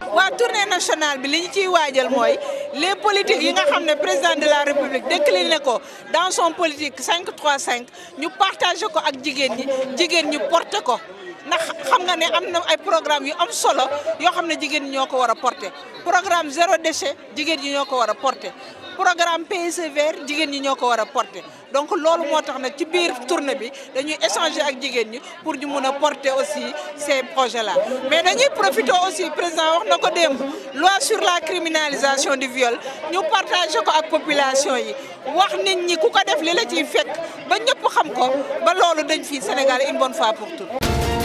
La tournée nationale bi les politiques yi président de la république décliné dans son politique 5 nous 5 ñu partager ko ak jigen ñi jigen ko programme yu am solo yo xamné jigen programme zéro déchet ñi programme PSE vert jigéen ñi ñoo ko porter donc loolu moo tax nag ci biir tournée bi dañuy échanger ak jigéen ñi pour ñu mun porter aussi ces projets là mais dañuy profiter aussi président wax na ko loi sur la criminalisation du viol ñu partager ko ak population yi wax nit ñi ku ko def li la ciy fekk ba ñëpp xam ko ba loolu dañ fii Sénégal une bonne fois pour toutes